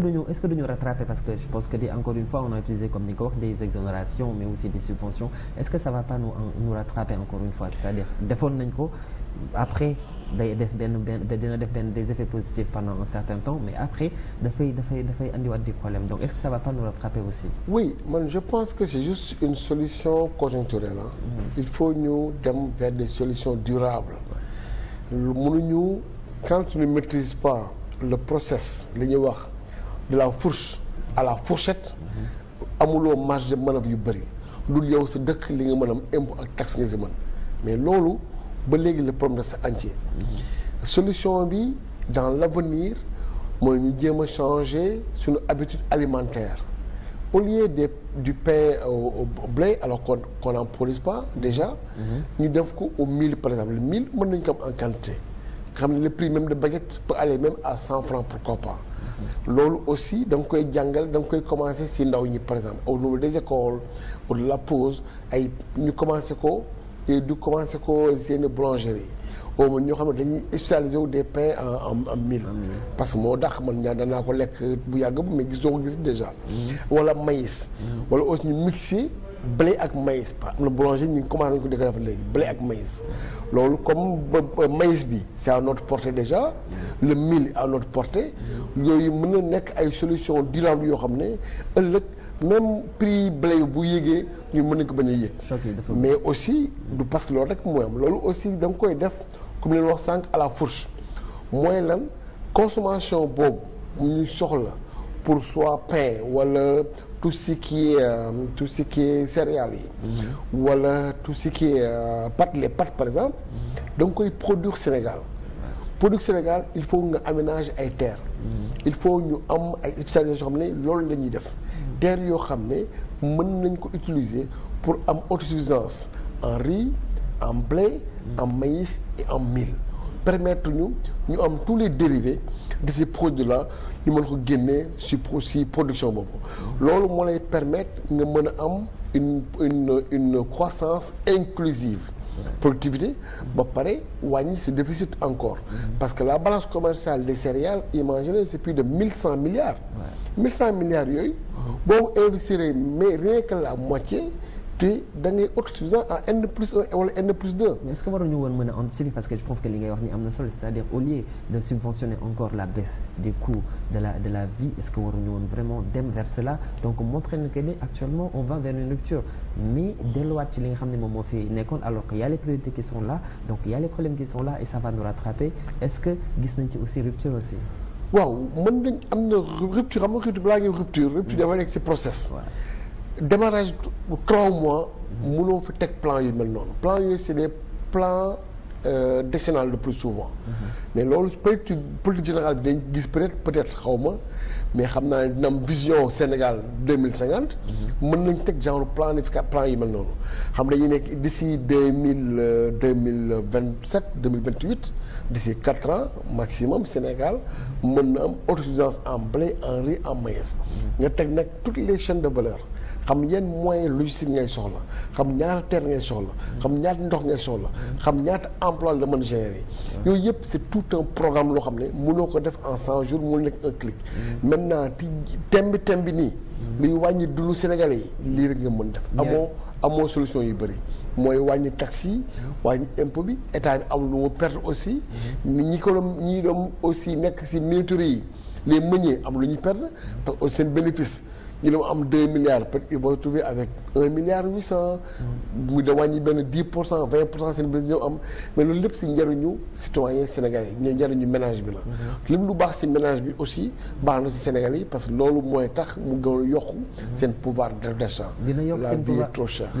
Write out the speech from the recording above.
que est-ce que duñu rattraper parce que je pense que di une fois on a utilisé comme ni ko wax des exonérations mais aussi des subventions est-ce que ça pas nous rattraper encore une fois c'est-à-dire defoon nañ ko après day def benn benn dina def benn des effets positifs pendant un certain temps mais après dafay dafay dafay andiwaat donc est-ce que ça va pas nous rattraper aussi. oui man je pense que c'est juste une solution conjoncturelle mm. ñu dem vers des solutions le process li ñuy wax. de la fourche à la fourchette amuloo marge de manœuvre yu bëri dul yow sa dëkk li nga mën am impôt ak taxe nga si mën mais loolu ba léegi le problème reste entier solution bi dans l'avenir mooy ñu jéem a changer suñu habitude alimentaire au lieu des du pain au, au blé alors qu'on qu'on n'en produise déjà ñu def ko au mil par exemple mil mën nañu ko am en quantité nga xam ne le prix même de baguette peut aller même à cent francs pourquoi pas loolu aussi danga koy jàngal da koy commencer si ndaw ñi par exemple au niveau des écoles ou de la pause ay ñu commencer ko te du commencer ko seen boulangerie au moins ñoo xam ne dañuy spécialisé wu des pains en en mil parce que moo dàq man ñaa danaa ko lekk bu yàgg mais gisoo ko gis déjà. Mm-hmm. wala maïs. Mm-hmm. wala aussi ñu mixer. blé ak maïs pa am na ñu ngi commencé ko di ko def léegi blé ak mais loolu comme ba maïs bi c'est à notre portée déjà le mille à notre portée yooyu mën na nekk ay solution durable yoo xam ne ëllëg même prix blé bu yéegee ñu mën nañ ko bañ a yéeg mais aussi du parce que loolu rek mooy am loolu aussi danga koy def comme leen wax sànq à la fourche mooy lan consommation boobu ñu soxla pour soit pain wala tout si qui est euh, tout ce céréales yi. Mm -hmm. wala tout ce qui est euh, pâtes les pâtes par exemple. Mhm. da nga koy produire Sénégal. produire Sénégal il faut nga aménager ay terres. Mhm. il faut ñu am ay spécialisation yoo xam ne loolu lañuy def. Mhm. terres yoo xam ne mën nañ ko utiliser pour am autosuffisance en riz en blé. en maïs et en mil. permettre ñu ñu am tous les dérivés de ces produits la ñu mën ko génnee si si production boobu loolu moo lay permettre nga mën a am une une une croissance inclusive productivité ba pare wàññi si déficit encore parce que la balance commerciale des céréales imaginez c'est plus de mille cent milliards mille cent milliards yooyu boo investir mais rien que la moitié te da ngay autosuffisant à n plus 1 wala n plus 2. mais est ce que waroon ñu woon mën a anticiper parce que je pense que li ngay wax ni am na solo c' est à dire au lieu de subventionner encore la baisse des coûts de la de la vie est ce que waroon ñu woon vraiment dem vers cela donc montré na que ni actuellement on va vers une rupture mais delluwaat ci li nga xam ne moom moo fi nekkoon alors que y' a les priorités qui sont là donc y' a les problèmes qui sont là et ça va nous rattraper est ce que gis nañ ci aussi rupture aussi. waaw mën nañ am na rupture am na rupture balaa ngeen rupture. rupture mm. dafa nekk si process. Ouais. démarrage trois mois mënoo fi teg plan yu mel noonu plan yooyu c'est des plans euh, décennal le plus souvent mm -hmm. mais loolu politique politique générale bi dañ gis peut-être peut-être xaw ma mais xam naa ne dina am vision Sénégal deux mille cinquante. mën nañ teg genre planifica plan yi mel noonu xam ñu nekk d'ici deux mille euh, deux mille vingt sept deux mille vingt huit d'ici quatre ans maximum Sénégal mën na am autosuffisance en blé en riz en maïs. nga teg nag toutes les chaînes de valeur. xam yenn moyen logistique ngay soxla xam ñaari terre ngay soxla xam ñaari ndox ngay soxla xam ñaata emploi la mën gérer yooyu yëpp c'est tout un programme loo xam ne mënoo ko def en cent jours mu nekk un clic mm. mën naa ti tembi tembi nii luy wàññi dulu sénégalais yi lii rek nga mën def amoo amoo solution yu bëri mooy wàññi taxe yi wàññi impôt bi état bi am lu mu perte aussi mm-hmm. ñi ko doon ñi doon aussi nekk si miniatures yi les meuniers am lu ñu perte parce que seen bénéfice ñu ne ma am deux milliards peut-être ils vont se trouver avec un milliard huit cent. mu da wàññi benn dix pour cent vingt pour cent seen bés ñëw am mais loolu lépp si njariñu citoyen sénégalais yi njariñu ménage bi la. lim lu baax si ménage bi aussi baax na si Sénégal yi parce que loolu mooy tax mu gën a yokk seen pouvoir d'achat. dina yokk seen pouvoir la vie trop chère.